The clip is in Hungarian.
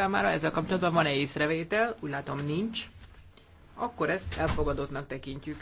számára. Ezzel kapcsolatban van-e észrevétel? Úgy látom nincs. Akkor ezt elfogadottnak tekintjük.